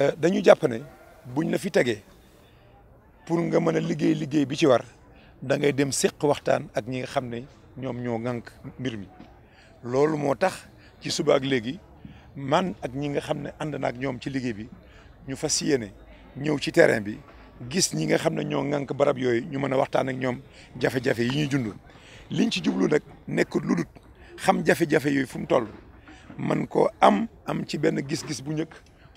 Euh, dañu japp ne buñ la fi tégué pour nga mëna liggéey liggéey bi ci war da ngay dem sékk waxtaan ak ñi nga xamné ne ñoo ŋànk mbir mi loolu motax ci suba ak légui man ak ñi nga xamné ne ànd naak ci liggéey bi ñu fas yéene ci terrain bi gis ñi nga xamné ne ñoo ŋànk barab yoy ñu mëna waxtaan ak ñom jafe-jafe yi ñu jundul liñ ci jublu nak nek xam jafe-jafe yoy fu mu toll man ko am am ci ben gis-gis bu ñëk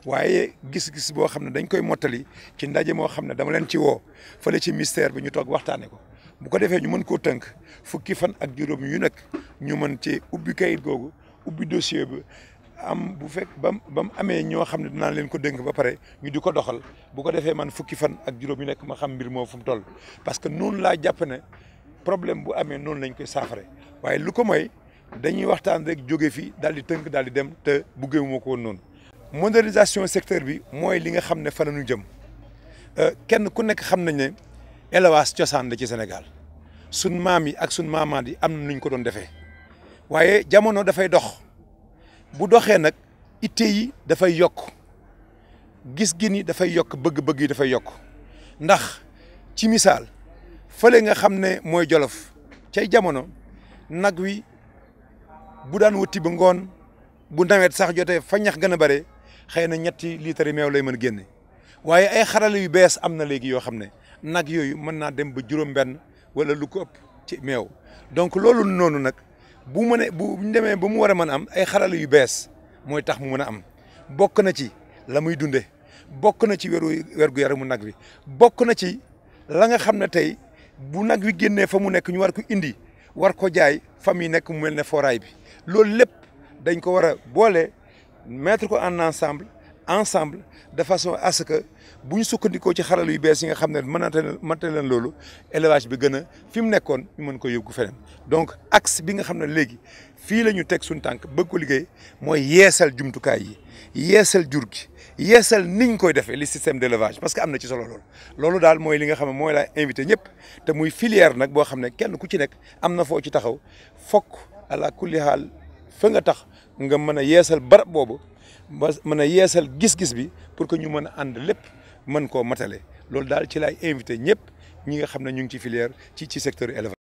waaye gis-gis boo xam ne dañ koy mottali ci ndaje moo xam ne dama leen ci woo fële ci ministère bi ñu toog waxtaanee ko bu ko defee ñu mën koo tënk fukki fan ak juróom yu nekk ñu mën ci ubbi kayit googu ubbi bi am bu fekk ba ba mu amee ñoo xam ne dinaa leen ko dénk ba pare ñu ko doxal bu ko defee man fukki fan ak juróom yu nekk ma xam mbir moo fu mu toll parce que noonu laa jàpp ne problème bu amee noonu lañ koy saafare waaye lu ko moy dañuy waxtaan rek jóge fi daal di tënk daal di dem te buggee moo ko woon noonu modernisation secteur bi mooy li nga xam ne fa la ñu jëm euh, kenn ku nekk xam nañ ne élevage cosaan la ci Sénégal sun maam yi ak sun maamaat yi am na nuñ ko doon defee waaye jamono dafay dox bu doxee nag itte yi dafay yokk gis-gin yi dafay yokk bëgg-bëgg yi dafay yokk ndax ci misaal fële nga xam ne mooy Jolof cay jamono nag wi bu daan wuti ba ngoon bu nawet sax jotee fa ñax gën a bare xeyna na ñetti litre meew lay mën génne waye ay xaral yu bes amna na yo yoo nak ne nag mën dem ba juroom ben wala lu ko upp ci meew donc lolu nonu nak bu mana bu ñu demee bu mu wara am ay xaral yu bes moy tax mu mëna am bok na ci lamuy dundé dunde na ci weru wergu yaramu nak bi bok na ci la nga tay bu nak wi génnee fa mu nek ñu war ko indi war ko jaay fami nek mu melne ne bi lolou lepp dañ ko wara mettre ko en ensemble ensemble de façon à ce que buñ ñu sukkandikoo ci xarala yu bees yi nga xam ne mënate mënate leen élevage bi gëna fim fi mu nekkoon ñu mën ko yóbbu feneen donc axe bi nga xam légui fi lañu tek sun tank suñu tànk bëgg ko liggéey mooy yeesal jumtukaay yi yéssal jur gi yeesal niñ koy défé li système d'élevage parce que amna ci solo lolu lolu dal moy li nga xam moy la invité ñëpp muy filière nak bo xam kenn ku ci nek amna fo ci taxaw fokk ala kulli hal fa nga tax nga mën a yeesal barab boobu ba mën a yeesal gis-gis bi pour que ñu mën a ànd lépp mën koo matale loolu daal ci laay invité ñëpp ñi nga xam ne ñu ngi ci filière ci ci secteur élevage